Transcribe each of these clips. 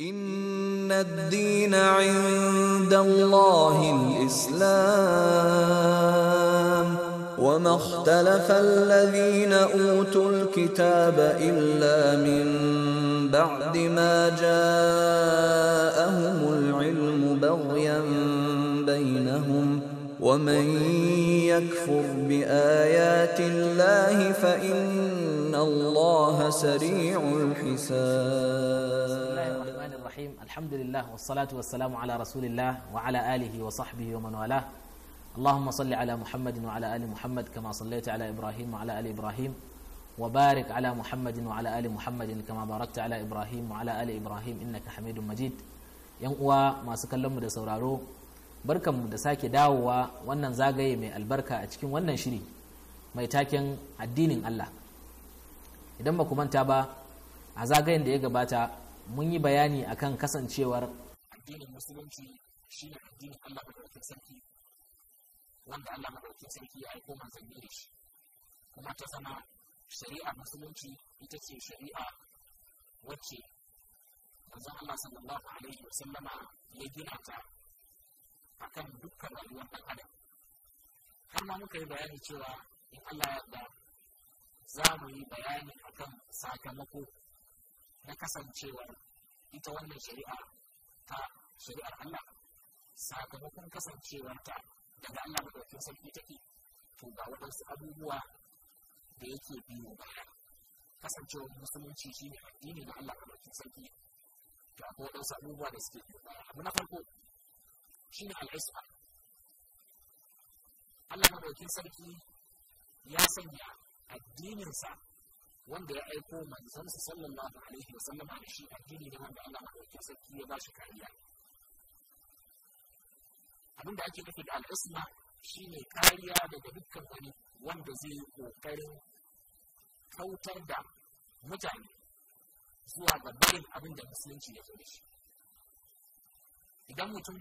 إن الدين عند الله الإسلام وما اختلف الذين أوتوا الكتاب إلا من بعد ما جاءهم العلم بغيا بينهم ومن يكفر بآيات الله فإن الله سريع الحساب الرحيم الحمد لله والصلاة والسلام على رسول الله وعلى آله وصحبه ومن والاه اللهم صل على محمد وعلى آل محمد كما صليت على إبراهيم وعلى آل إبراهيم وبارك على محمد وعلى آل محمد كما باركت على إبراهيم وعلى آل إبراهيم إنك حميد مجيد ينقوى ما سكلم da sauraro barkanmu da sake dawowa wannan zagaye mai albarka a cikin wannan shiri mai taken addinin Allah idan ba ku manta ba a zagayen da ya gabata mun yi bayani akan kasancewar addinin musulunci shi ne addinin Allah madaukakin sarki wanda Allah madaukakin sarki ya aiko manzanni da shi kuma ta zama shari'a musulunci ita ce shari'a wacce manzon Allah sallallahu alaihi wa ya gina ta akan dukkan rayuwar ɗan adam har ma muka yi bayani cewa in Allah ya za mu yi bayani akan sakamako na kasancewa ita wannan shari'a ta shari'ar Allah sakamakon kasancewarta daga Allah madaukakin sarki take to ga waɗansu abubuwa da yake biyo baya kasancewar musulunci shi ne addini da Allah madaukakin sarki to akwai waɗansu abubuwa da suke biyo baya abu na farko shi ne al'isma Allah madaukakin sarki ya sanya addininsa wanda ya aiko manzansa sallallahu alaihi wa sallama da shi addini ne wanda Allah madaukakin sarki ya ba shi kariya abin da ake nufi da al'isma shine kariya daga dukkan wani wanda zai yi kokarin kautar da mutane zuwa ga barin abin da musulunci ya shi idan mutum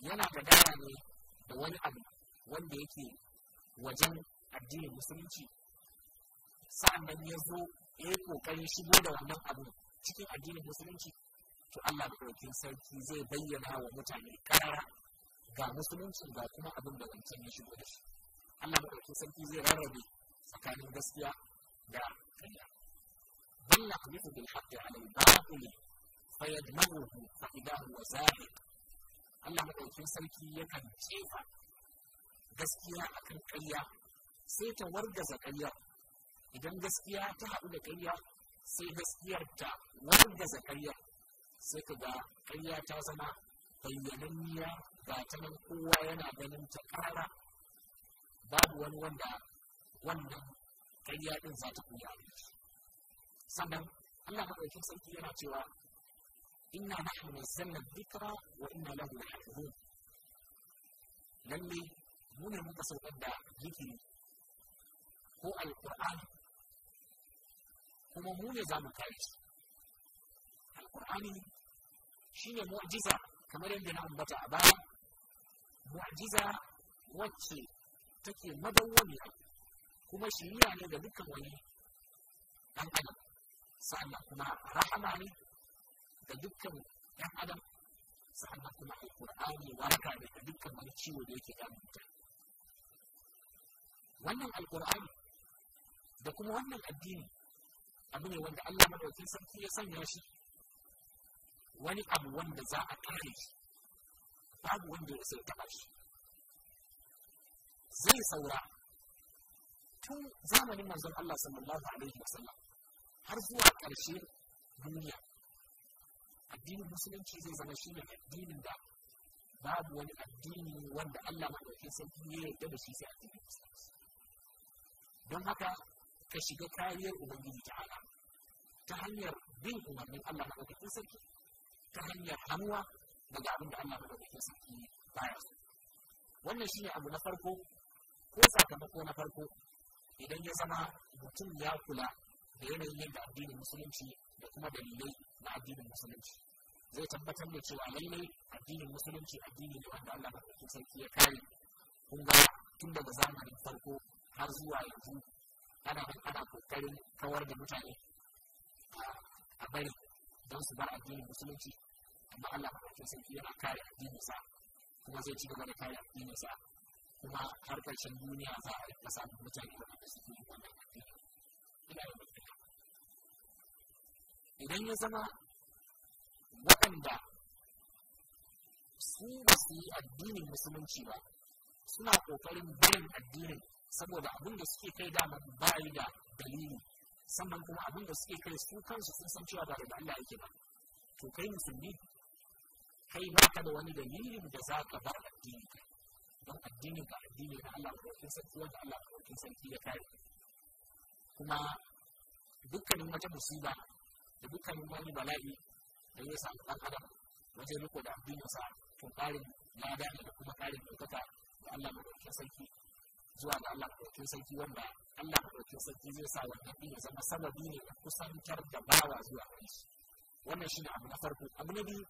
yana da gara ne da wani abu wanda yake wajen addinin musulunci sannan ya zo ya yi kokarin shigo da wannan abu cikin addinin musulunci to Allah da ɗaukin sarki zai bayyana wa mutane kara ga musulunci ga kuma abin da wancan ya shigo da shi Allah da ɗaukin sarki zai rarrabe tsakanin gaskiya da ƙarya بل نحدث بالحق على الباطل فيدمغه فإذا هو زاهق Allah maɗaukin sarki yakan jefa gaskiya akan ƙarya sai ta wargaza ƙarya idan gaskiya ta haɗu da ƙarya sai gaskiyar ta wargaza ƙarya sai ka ga ƙarya ta zama bayyananniya ba ta nan kowa yana ganin ta ƙara babu wani wanda wannan ƙarya ɗin za ta koya sannan Allah maɗaukin sarki yana cewa inna nahnu nazzalna dhikra wa inna lahu lahafizun lalle mu ne muka saukar da zikiri ko alqur'ani همومون زمان تاريس القرآن شين معجزة كما لن ينام بطا أبا معجزة وكي تكي مدوم يعني كما شيني عن يعني هذا بك وني أن أنا سألنا كما رحماني يعني تدك أن أنا سألنا كما القرآن وركا تدك من شيء وديك كان بك وأن القرآن دكم وأن الدين abu ne wanda Allah madaukin sarki ya sanya shi wani abu wanda za a kare shi babu wanda ya sai taba shi zai saura tun zamanin manzon Allah sallallahu alaihi wasallam har zuwa ƙarshe duniya addinin musulunci zai zama shi ne addinin da babu wani addini wanda Allah madaukin sarki ya yarda da shi sai addinin musulunci don haka ka shiga kariyar ubangiji ta'ala ta hanyar bin umarnin Allah madaukakin sarki ta hanyar hannuwa daga abin da Allah madaukakin sarki baya so wannan shine abu na farko ko sakamako na farko idan ya zama mutum ya kula da yanayin yadda addinin musulunci da kuma dalilai na addinin musulunci zai tabbatar da cewa lallai addinin musulunci addini ne wanda Allah madaukakin sarki ya kare kun ga tun daga zamanin farko har zuwa yanzu ana ana kokarin kawar da mutane a bari don su bar addinin musulunci amma Allah madaukakin sarki yana kare addininsa kuma zai ci gaba da kare addininsa sa kuma har karshen duniya za a rika samun mutane da su yin wannan addini idan ya zama waɗanda su ba su yi addinin musulunci ba suna kokarin barin addinin saboda abin da suke kai dama yi da dalili sannan kuma abin da suke kai su kansu sun san cewa ba daga Allah yake ba to kai musulmi kai ba ka da wani dalilin da za ka bar addini ka don addinin ka addini na Allah ko kin san wanda Allah ko kin san ya kare kuma dukkanin wata musiba da dukkanin wani bala'i da ya samu ɗan adam wajen riko da sa to ƙarin lada da kuma ƙarin ɗaukaka da Allah madaukakin sarki zuwa ga Allah madaukakin sarki wanda Allah madaukakin sarki zai sa wannan din ya zama sababi ne na kusantar da bawa zuwa gare shi wannan shi ne abu na farko abu na biyu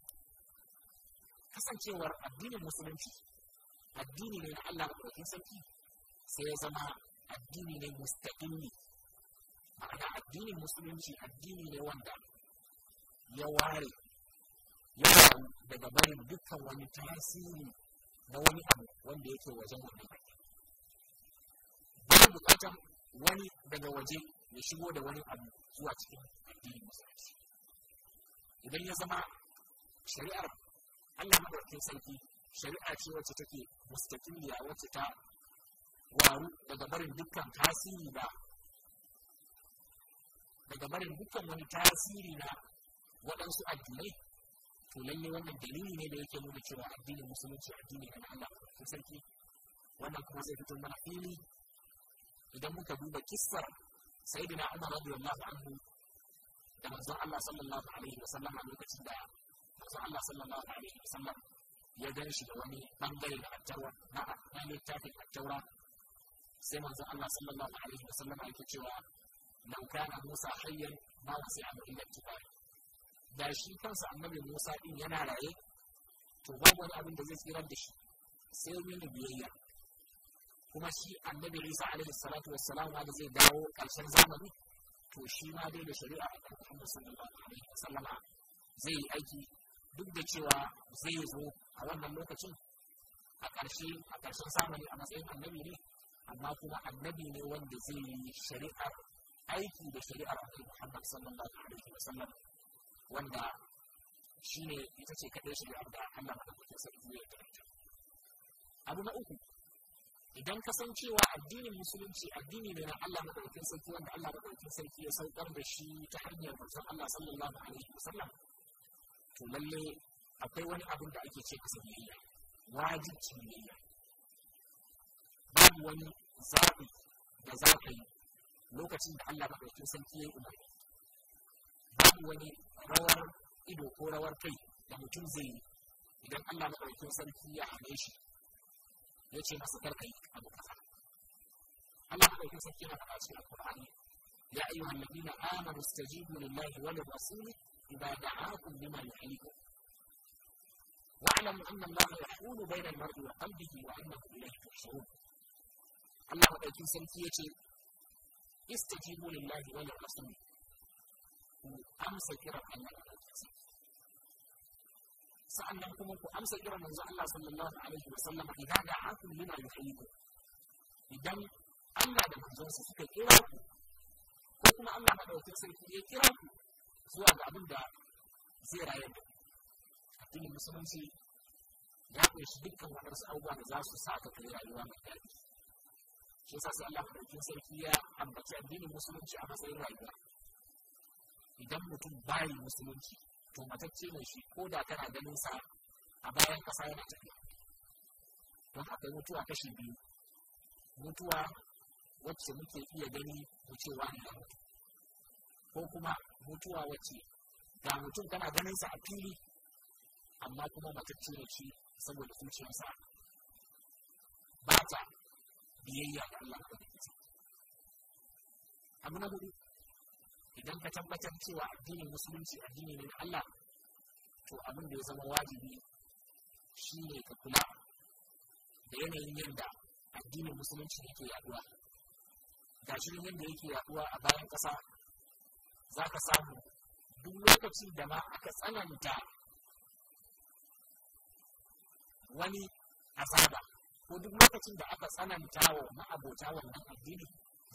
kasancewar addinin musulunci addini ne na Allah madaukakin sarki sai ya zama addini ne mustaqilli ma'ana addinin musulunci addini ne wanda ya ware ya daga barin dukkan wani tasiri na wani abu wanda yake wajen wannan bukatar wani daga waje ya shigo da wani abu zuwa cikin addinin musulunci idan ya zama shari'ar Allah madaukakin sarki shari'a ce wacce take mustaqiliya wacce ta waru daga barin dukkan tasiri da daga barin dukkan wani tasiri na waɗansu addinai to lalle wannan dalili ne da yake nuna cewa addinin musulunci addini ne na Allah sarki wannan kuma zai fito mana fili idan muka duba kissar sayyidina Umar radiyallahu anhu da manzon Allah sallallahu alaihi wa sallam a lokacin da manzon Allah sallallahu alaihi wa sallam ya gan shi da wani bangare na attaura na na littafin attaura sai manzon Allah sallallahu alaihi wa sallam yake cewa lau kana Musa hayyan ma wasi wasi'a illa tibari da shi kansa annabi Musa din yana raye to babu wani abin da zai tsirar da shi sai mini biyayya kuma shi annabi isa alaihi salatu wassalam wanda zai dawo karshen zamani to shi ma dai da shari'a a kan muhammad sallallahu alaihi wasallama zai yi aiki duk da cewa zai zo a wannan lokacin a ƙarshe a ƙarshen zamani a matsayin annabi ne amma kuma annabi ne wanda zai yi shari'ar aiki da shari'ar annabi muhammad sallallahu alaihi wasallam wanda shi ne ita ce kaɗai shari'ar da allah madaukakin sarki ya tarjama abu na uku idan ka san cewa addinin musulunci addini ne na Allah madaukakin sarki wanda Allah madaukakin sarki ya saukar da shi ta hanyar manzon Allah sallallahu alaihi wasallam to lalle akwai wani abin da ake ce masa biyayya wajibi biyayya babu wani zaɓi da za ka yi lokacin da Allah madaukakin sarki ya yi umarni babu wani rawar ido ko rawar kai da mutum zai yi idan Allah madaukakin sarki ya hane shi ya ce masa karka yi abu kaza Allah ya ɗauki sarki na faɗa cikin Alƙur'ani ya ayyu alladina amanu istajibu lillahi wa lirrasuli idza da'akum lima yuhyikum واعلموا ان الله يحول بين المرء وقلبه وانه اليه تحشرون Allah maɗaukin sarki ya ce, Istajibu lillahi wa lirrasuli, ku amsa kiran Allah maɗaukin sarki. سأل نبيكم خمسة جرى من زعل الله صلى الله عليه وسلم في هذا عاكم لما يحييكم إذن الله لما جنسة كيراك كما الله بدأ يتسل في كيراك سواء بعد ذا زير عيد أتني مسلم سي جاءت يشبك ومرس أوبا نزاس ساعة كريرا يوام التالي شيسا سأل الله بدأ يتسل في عبد الدين مسلم سي أما سير رأيبا إذن مكين باي مسلم سي to matacce ne shi ko da kana ganin sa a bayan kasa yana tafiya don akwai mutuwa kashi biyu mutuwa wacce muke iya gani mu ce wani mutu ko kuma mutuwa wacce ga mutum kana ganin sa a fili amma kuma matacce ne shi saboda zuciyarsa ba ta biyayya ga Allah ko da abu na hudu idan ka tabbatar cewa addinin musulunci addini ne na Allah to abin da ya zama wajibi shi ne ka kula da yanayin yadda addinin musulunci yake yaduwa ga shi yadda yake yaduwa a bayan ƙasa za ka samu duk lokacin da ma aka tsananta wani azaba ko duk lokacin da aka tsananta wa ma'abota wannan addini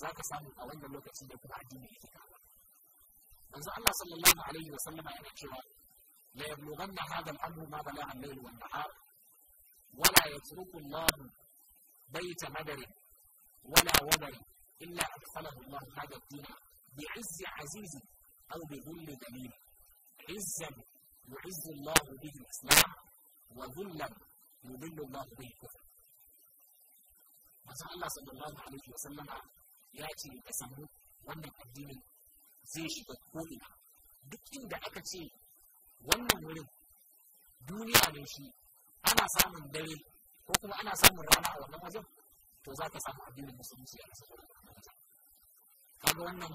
za ka samu a wannan lokacin da kuma addini yake kawo فجعل الله صلى الله عليه وسلم حين لا ليبلغن هذا الامر ما بلاء الليل والنهار ولا يترك الله بيت مدر ولا ودر الا ادخله الله هذا الدين بعز عزيز او بذل دليل عزا يعز الله به الاسلام وذلا يذل الله به الكفر فسأل الله صلى الله عليه وسلم ياتي بسمه وان الدين zai shiga ko'ina duk inda aka ce wannan wurin duniya ne shi ana samun dare ko kuma ana samun rana a wannan wajen to za ka samu addinin musulunci a wajen? kaga wannan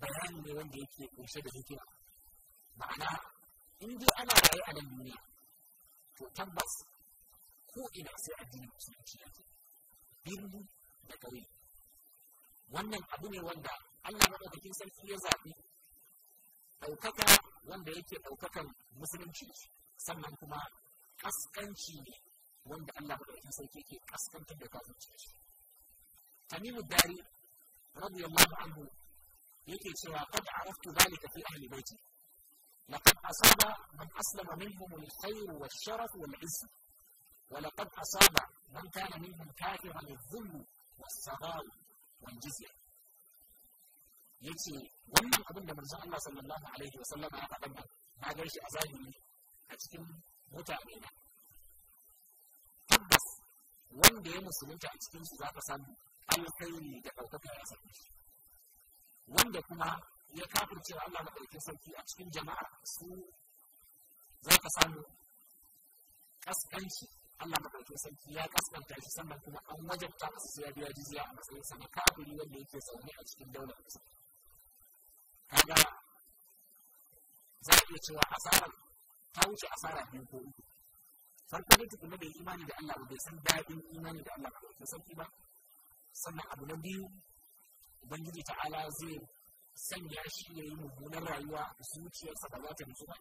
bayani ne wanda yake kunshe da hikima ma'ana in dai ana raye a nan duniya to tabbas ko ina sai addinin musulunci yake birni da ƙauye wannan abu ne wanda Allah madaukakin sarki ya zaɓi ɗaukaka wanda yake ɗaukakan musulunci sannan kuma ƙasƙanci ne wanda Allah madaukakin sarki yake ƙasƙantar da kafirci shi tamimu dari radiyallahu anhu yake cewa qad araftu zalika fi ahli baiti لقد أصاب من أسلم منهم الخير والشرف والعز ولقد أصاب من كان منهم كافرا الذل والصغار والجزية yace wannan abin da manzon Allah sallallahu alaihi wa sallam ya faɗa ba ga shi a zahiri a cikin mutane ne tabbas wanda ya musulunta a cikin su zaka samu alkhairi da ɗaukaka ya same shi wanda kuma ya kafirce Allah madaukakin sarki a cikin jama'a su zaka samu kaskanci Allah madaukakin sarki ya kaskanta shi sannan kuma an wajabta masa sai ya biya jizya a matsayin sa na kafiri wanda yake zaune a cikin daular musulunci kaga za a iya cewa asarar ta wuce asara biyu ko uku farko ne tukuna da imani da Allah bai san daɗin imani da Allah ba sauki ba sannan abu na biyu ubangiji ta'ala zai sanya shi ya yi mummunan rayuwa a zuciyarsa ba za ta nutsu ba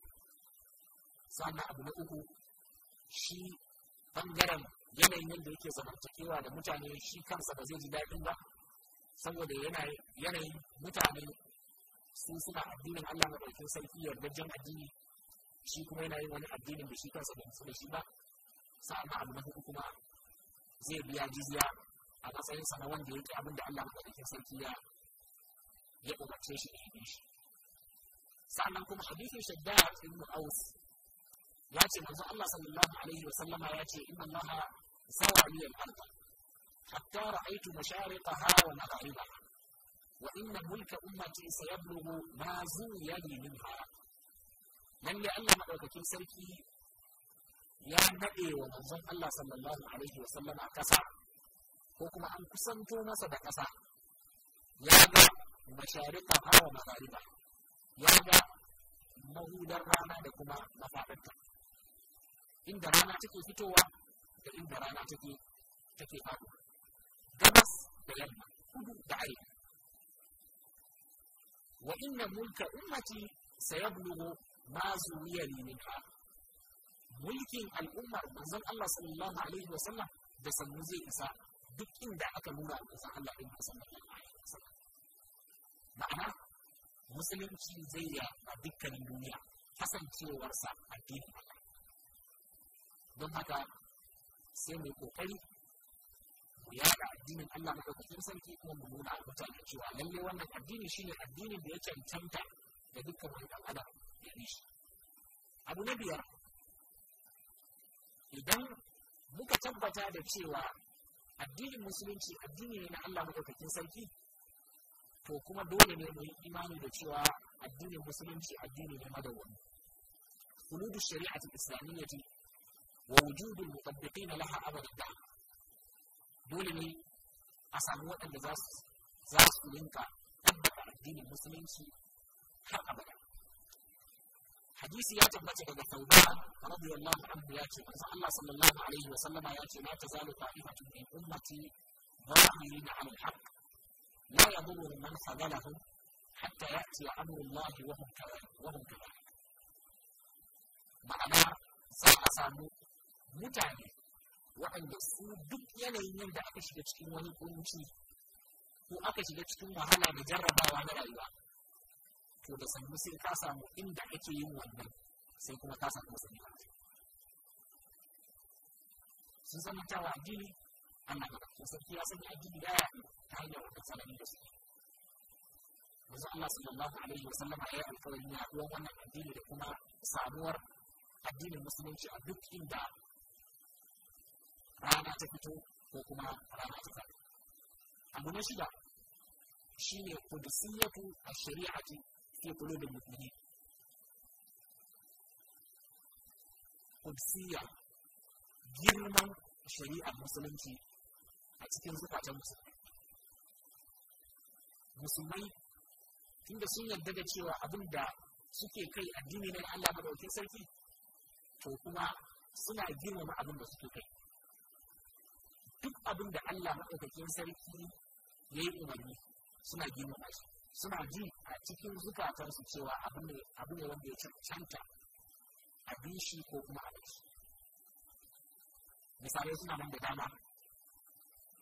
sannan abu na uku shi ɓangaren yanayin yadda yake zamantakewa da mutane shi kansa ba zai ji daɗin ba saboda yanayin mutane sun suna addinin Allah na ɗaukin sarki yardajen addini shi kuma yana yin wani addinin da shi kansa bai su da shi ba sa'annan abu na hudu kuma zai biya jizya a matsayin sa na wanda yake abin da Allah na ɗaukin sarki ya ya umarce shi da ya shi sa'annan kuma hadisin shaddad ibn aus ya ce manzo Allah sallallahu alaihi wa sallama ya ce inna Allah sawa li al hatta ra'aytu mashariqaha wa magharibaha وإن ملك أمتي سيبلغ ما زوي لي منها لن Allah مدوكتين sarki. ya daɗe wa manzon Allah sallallahu alaihi wa sallam a ƙasa ko kuma an kusanto masa da ƙasa ya ga masharika hawa magariba ya ga mahudar rana da kuma mafaɗarta inda rana take fitowa da inda rana take take faɗo gabas da yamma kudu da arewa وإن ملك أمتي سيبلغ ما زوي لي منها ملك الأمة من الله صلى الله عليه وسلم بسم الله إساء دكين دا أكا مولا إساء الله إن صلى الله عليه وسلم معنى مسلم كي زيا دكين الدنيا حسن كي ورسا الدين الله دم هكا سيمي كوكري Ya yada addinin Allah madaukakin sarki kuma mu nuna mutane cewa lalle wannan addini shine addinin da ya cancanta da dukkan wani dan adam ya yi shi abu na biyar idan muka tabbata da cewa addinin musulunci addini ne na Allah madaukakin sarki to kuma dole ne mu yi imani da cewa addinin musulunci addini ne madawwami huludu shari'ati islamiyyati wa wujudul mutabbiqin laha abadan dole ne a samu waɗanda za su rinka tabbata addinin musulunci har abada hadisi ya tabbata daga tauba radiyallahu anhu ya ce manzo Allah sallallahu alaihi wa sallama ya ce la tazalu ta'ifatu min ummati ظاهرين على الحق لا يضر من خذلهم حتى يأتي أمر الله وهم كذلك وهم كذلك ma'ana za a samu mutane waɗanda su duk yanayin yadda aka shiga cikin wani kunci ko aka shiga cikin wahala da jarrabawa na rayuwa to da sannu sai ka samu inda ake yin wannan sai kuma ka samu sani ba sun san cewa addini Allah ba ko sarki ya sani addini ya yi ta hanyar wata sanani da su yanzu Allah sallallahu alaihi wa sallama ya alƙawari na ruwan wannan addini da kuma samuwar addinin musulunci a duk inda rana ta fito ko kuma rana ta zafi. abu na shida shine qudusiyatu da shariati fi da mutane. qudusiyya girman shari'ar musulunci a cikin zukatan musulmai tun da sun yarda da cewa abin da suke kai addini na Allah madaukakin sarki to kuma suna girmama abin da suke kai duk abin da Allah maɗaukakin sarki ya yi umarni suna girmama shi suna ji a cikin zukatansu cewa abu ne wanda ya cancanta a shi ko kuma a shi misalai suna nan da dama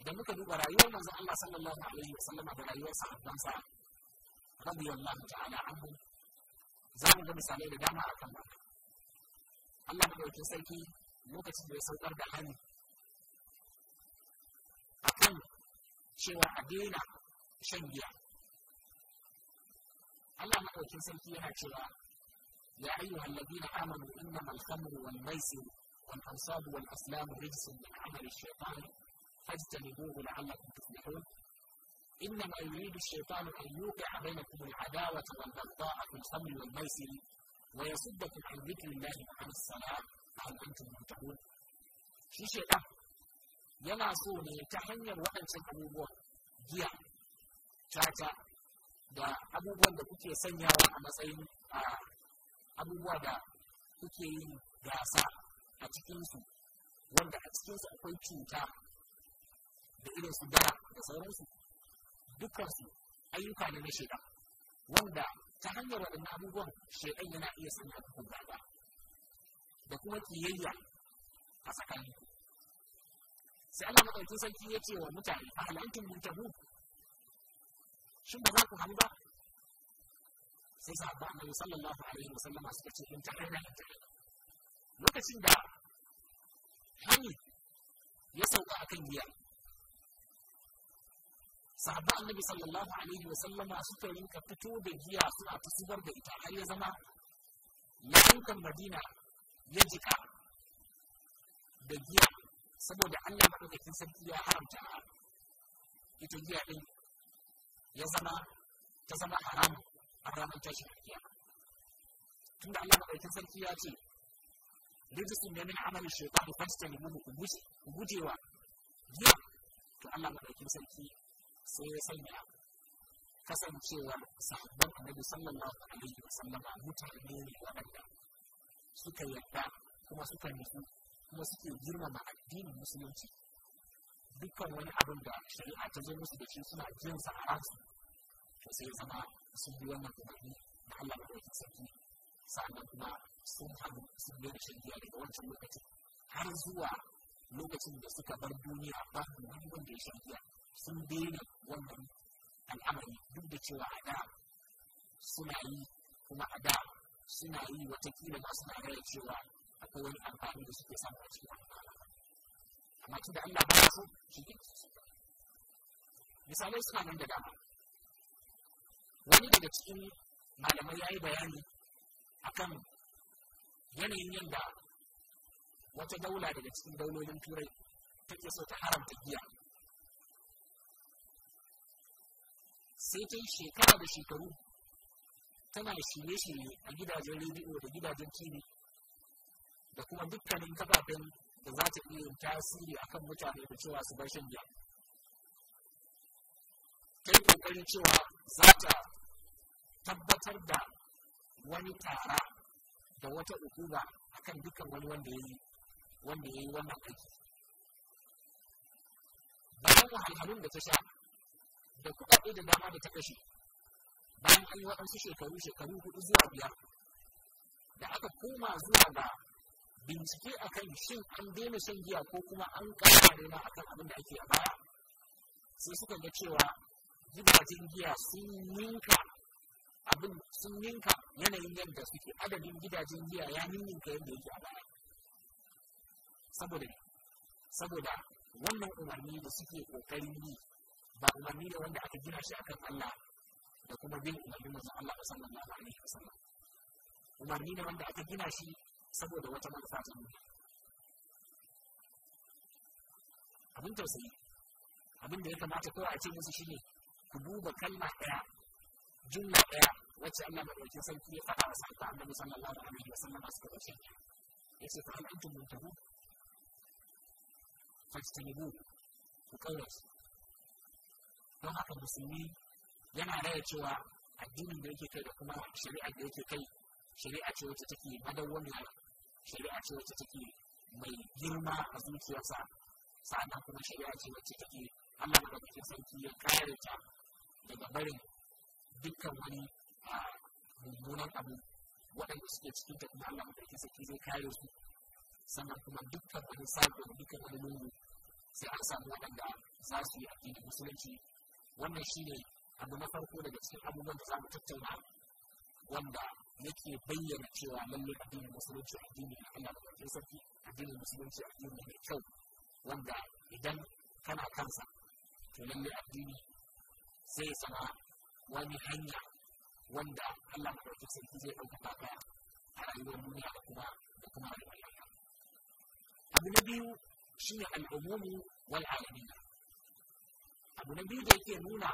idan muka duba rayuwar manzon Allah sallallahu alaihi wa sallama da rayuwar sahabbansa radiyallahu ta'ala anhu za mu ga misalai da dama akan wannan Allah madaukakin sarki lokacin da ya saukar da hani kun cewa a daina shan giya. Allah maɗaukin sarki yana يا أيها الذين آمنوا إنما الخمر والميسر والأنصاب والأسلام رجس من عمل الشيطان فاجتنبوه لعلكم تفلحون إنما يريد الشيطان أن يوقع بينكم العداوة والبغضاء في الخمر والميسر ويصدكم عن ذكر الله وعن الصلاة فهل أنتم منتهون؟ في شيطان yana so ne ta hanyar waɗancan abubuwan giya caca da abubuwan da kuke sanyawa a matsayin a abubuwa da kuke yi gasa a cikinsu wanda a cikinsu akwai cuta da irin su dara da sauransu dukansu ayyuka ne na shaidan wanda ta hanyar waɗannan abubuwan shaidan yana iya sanya ku gaba da kuma kiyayya a tsakaninku sai Allah madaukakin sarki ya ce wa mutane a halantum muntahu shin ba za ku hannu ba sai ba annabi sallallahu alaihi wa sallama suka ce in ta hanya ta lokacin da hani ya sauka akan giya sahabba annabi sallallahu alaihi wa sallama suka rinka fito da giya suna ta zubar da ita har ya zama yankan madina ya jika da giya saboda Allah maɗaukakin sarki ya haramta ita giya ɗin ya zama ta zama haram a ranar tashin kiyama tunda Allah maɗaukakin sarki ya ce rijisun ne min amalin shekaru fasta ne mu ku gujewa giya to Allah maɗaukakin sarki sai ya sanya kasancewar sahabban annabi sallallahu alaihi wa sallama mutane ne waɗanda suka yarda kuma suka nufi kuma suke girmama addinin musulunci dukkan wani abin da shari'a ta zo musu da shi suna jin sa a ransu to sai ya zama sun bi wannan umarni da Allah da wata sarki sannan kuma sun hannu sun yi rashin biya daga wancan lokaci har zuwa lokacin da suka bar duniya babu wani wanda ya shan giya sun daina wannan al'amari duk da cewa a da suna yi kuma a da suna yi watakila ma suna raya cewa akwai wani amfani da suke samu a cikin al'amari amma tun da Allah ba ya shi misalai suna nan da dama wani daga cikin malamai ya yi bayani akan yanayin yadda wata daula daga cikin daulolin turai take so ta haramta giya sai ta yi shekara da shekaru tana shirye-shirye a gidajen rediyo da gidajen tv da kuma dukkanin kafafen da za ta iya tasiri akan mutane da cewa su bar shan giya ta yi kokarin cewa za ta tabbatar da wani tara da wata hukuma akan dukkan wani wanda ya yi wanda ya yi wannan aiki bayan wahalhalun da ta sha da kuɗaɗe da dama da ta kashe bayan an yi waɗansu shekaru shekaru hudu zuwa biyar da aka koma zuwa ga bincike akan shin an daina shan giya ko kuma an kara daina akan abin da ake a baya sai suka ga cewa gidajen giya sun ninka abin sun ninka yanayin yadda suke adadin gidajen giya ya ninka yadda yake a baya saboda saboda wannan umarni da suke kokarin yi ba umarni ne wanda aka gina shi akan Allah da kuma bin umarni manzon Allah sallallahu alaihi wasallam umarni ne wanda aka gina shi saboda wata manufa ta duniya abin tausayi abin da ya kamata ko a ce musu shine ku duba kalma daya jumla daya wacce Allah madaukakin sarki ya faɗa wa sahabba Annabi sallallahu alaihi wasallam suka ya ce fa an antum muntahu fastanibu ku kaurace don haka musulmi yana raya cewa addinin da yake kai da kuma shari'ar da yake kai shari'a ce wacce take madawwamiya shari'a ce wacce take mai girma a zuciyarsa sa'annan kuma shari'a ce wacce take Allah madaukakin sarki ya kare ta daga barin dukkan wani mummunan abu waɗanda suke cikin ta kuma Allah madaukakin sarki zai kare su sannan kuma dukkan wani sabon dukkan wani lungu sai an samu waɗanda za su yi addinin musulunci wannan shine abu na farko daga cikin abubuwan da za mu tattauna wanda yake bayyana cewa lallai addinin musulunci addini na Allah da ƙarfin sarki addinin musulunci addini mai kyau wanda idan kana kansa to lallai addini zai zama wani hanya wanda Allah da ƙarfin sarki zai ɗaukaka ka a rayuwar duniya da kuma da kuma rayuwar abu na biyu shine al'umumi wal alamiyya abu na biyu da yake nuna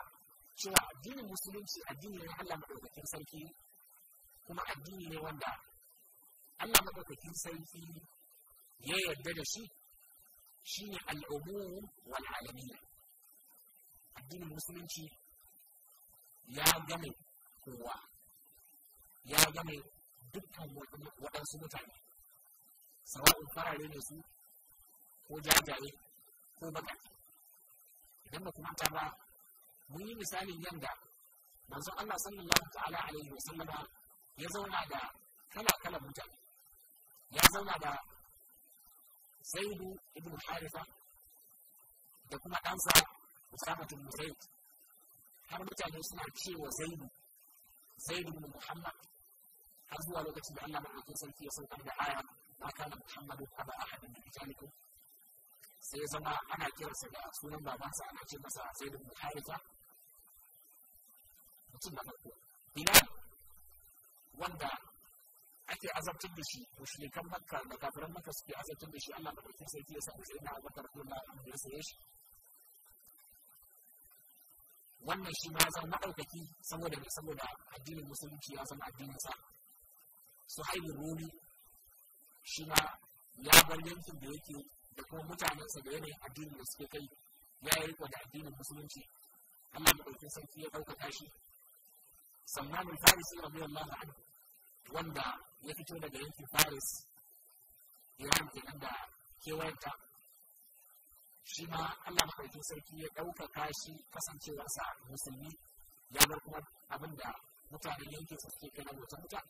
cewa addinin musulunci addini ne Allah madaukakin sarki kuma addini ne wanda Allah maɗaukakin sarki ya yarda da shi shi ne al'umum wal alamiya addinin musulunci ya game kowa ya game dukkan waɗansu mutane sawa'un farare ne su ko jajaye ko baƙaƙe idan ba kuma ta ba mun yi misalin yanda manzon Allah sallallahu ta'ala alaihi wa sallama ya zauna da kala-kalan mutane ya zauna da zaidu ibn harifa da kuma ɗansa usamatun musaid har mutane suna cewa zaidu zaidu ibn muhammad har zuwa lokacin da allah maɗaukin sarki ya saukar da aya ma kana muhammadu aba da min rijalikum sai ya zama ana kiransa da sunan babansa ana ce masa zaidu ibn harifa mutum da farko bilal wanda ake azabtar da shi shi kan makka da kafiran makka suke azabtar da shi Allah da bakin sai ya samu sai na abakar Allah da ya saye shi wannan shi ma zan madaukaki saboda ne saboda addinin musulunci ya san addinin sa su haibu rumi shi ma ya bar yankin da yake da kuma mutanensa da yanayin addinin da suke kai ya yi riko da addinin musulunci Allah da ɗauki sai ya ɗaukaka shi sannan farisi rabiyallahu anhu wanda ya fito daga yankin faris iran kenan da kewayenta shi ma allah maɗaukin sarki ya ɗaukaka shi kasancewarsa musulmi ya bar kuma abin da mutanen yankin su suke kai wata bautar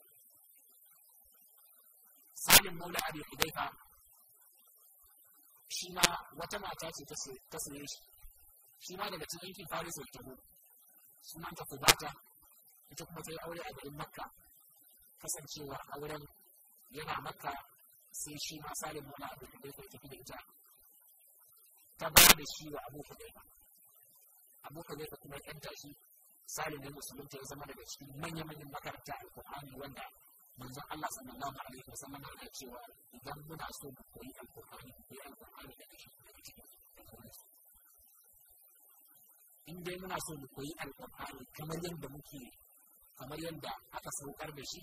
salim maula abi hudaifa shi ma wata mata ce ta saye shi shi ma daga cikin yankin faris ya sunan sunanta kubata ita kuma ta yi aure a garin makka a auren yana maka sai shi ma salim mana abu da ya tafi da ita ta ba da shi wa abu kudai abu kudai kuma ta shi salim ne musulunta ya zama daga cikin manya-manyan makaranta alkur'ani wanda manzon Allah sallallahu alaihi sallam ya cewa idan muna so mu koyi alkur'ani mu koyi alkur'ani da shi in dai muna so mu koyi alkur'ani kamar yadda muke kamar yadda aka saukar da shi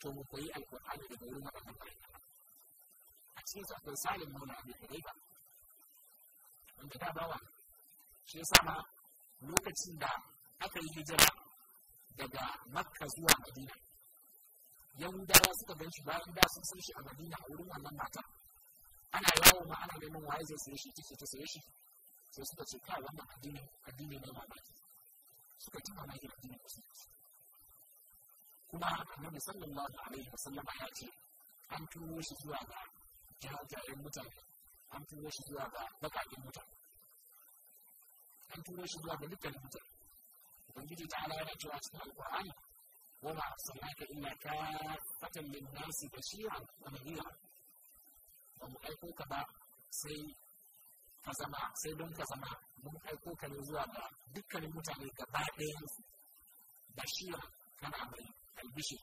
to mu koyi alkur'ani daga wurin waɗannan ma'aikata a cikin su akwai salim nuna abu da ba wanda da bawa shi ya ma lokacin da aka yi hijira daga makka zuwa madina yahudawa suka gan shi bayan da sun san shi a madina a wurin wannan mata ana yawo ma ana neman waye zai saye shi kike ta saye shi sai suka ce kai wannan addini addini ne mamaki suka ci mamaki addinin musulunci kuma na musamman annabi sallallahu alaihi wasallam ya ce an turo shi zuwa ga jajayen mutane an turo shi zuwa ga bakakin mutane an turo shi zuwa ga dukkan mutane ubangiji ta ala yana cewa cikin alqur'ani wa ma arsalnaka illa fatan lin-nasi bashiran wa nadhira ba mu aiko ka ba sai ka zama sai don ka zama mun aiko ka ne zuwa ga dukkanin mutane gaba ɗaya bashiran kana mai albishi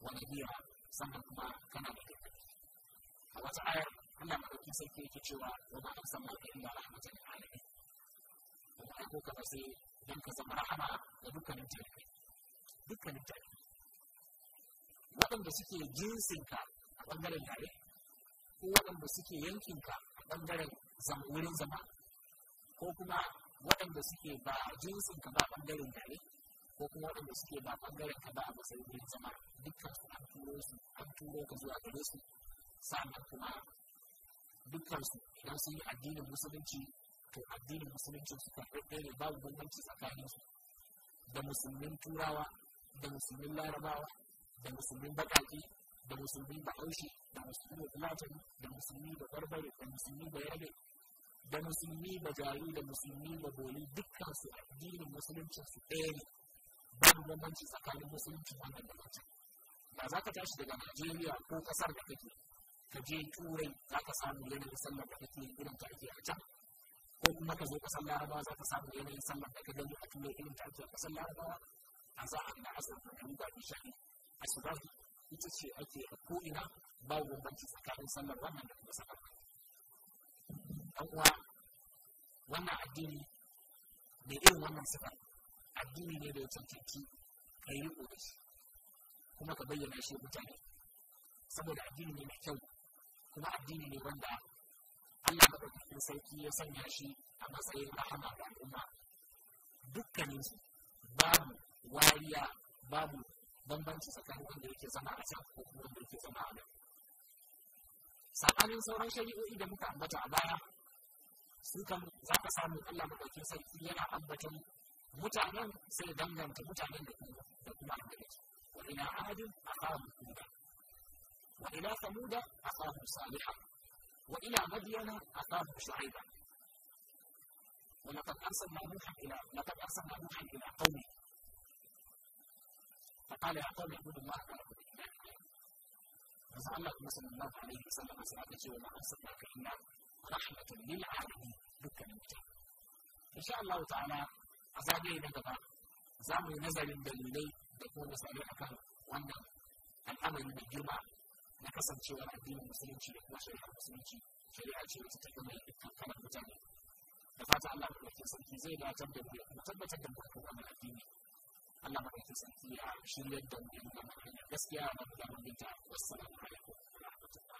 wani biya sannan kuma kana da kai a wata ayar Allah madauki sarki yake cewa wa ma amsa ma ka inda rahmatan lil alamin kuma ai ko kaza sai dan ka zama rahama ga dukkanin jami'ai dukkanin jami'ai waɗanda suke jinsinka a ɓangaren yare ko waɗanda suke yankinka a ɓangaren wurin zama ko kuma waɗanda suke ba jinsinka ba ɓangaren yare ko kuma waɗanda suke ba ɓangaren ka ba a matsayin yin zama dukkan su an turo su an turo ka zuwa gare su sannan kuma dukkan su idan sun yi addinin musulunci to addinin musulunci su kan ɗaya ne babu bambanci tsakanin su da musulmin turawa da musulmin larabawa da musulmin baƙaƙi da musulmi da haushi da musulmi da filatani da musulmi da barbare da musulmi da yare da musulmi da jari da musulmi da boli dukkan su addinin musulunci su ɗaya ne babu bambanci tsakanin musulunci da musulunci ba za ka tashi daga najeriya ko kasar da kake ka je turai za ka samu yanayin sallar da kake irin ta ake a can ko kuma ka zo kasar laraba za ka samu yanayin sallar da ka gani a turai irin ta ake a kasar larabawa a za a da asar da kan gani shahi a shigar ita ce ake a ko'ina babu bambanci tsakanin sallar wannan da kuma sallar ɗan uwa wannan addini mai irin wannan sifar addini ne da ya cancanci ka yi riko da shi kuma ka bayyana shi mutane saboda addini ne mai kyau kuma addini ne wanda Allah maɗaukakin sarki ya sanya shi a matsayin rahama ga al'umma dukkanin babu wariya babu bambanci tsakanin wanda yake zama a can ko kuma wanda yake zama a nan saɓanin sauran shari'o'i da muka ambata a baya su kan za ka samu Allah maɗaukakin sarki yana ambatan متعلم في دمدم متعلم لكم وإلى عاد أخاهم هودا وإلى ثمود أخاهم صالحا وإلى مدين أخاهم شعيبا ولقد أرسلنا نوحا إلى لقد أرسلنا نوحا إلى قومه فقال يا قوم اعبدوا الله كما وزعم النبي صلى الله عليه وسلم سنه وما ارسلناك الا رحمه للعالمين دك ان شاء الله تعالى a zagaye na gaba za mu yi nazarin dalilai da kuma misalai akan wannan al'amari mai girma na kasancewar addinin musulunci da kuma shari'ar musulunci shari'a ce wata ta gama ita kalar mutane da fata Allah mai ɗauke sarki zai gatar da mu ya kuma tabbatar da mu a wannan addini Allah mai ɗauke sarki ya shiryar da mu ya nuna mana hanya gaskiya da mu da mun binta wassalamu alaikum wa rahmatullahi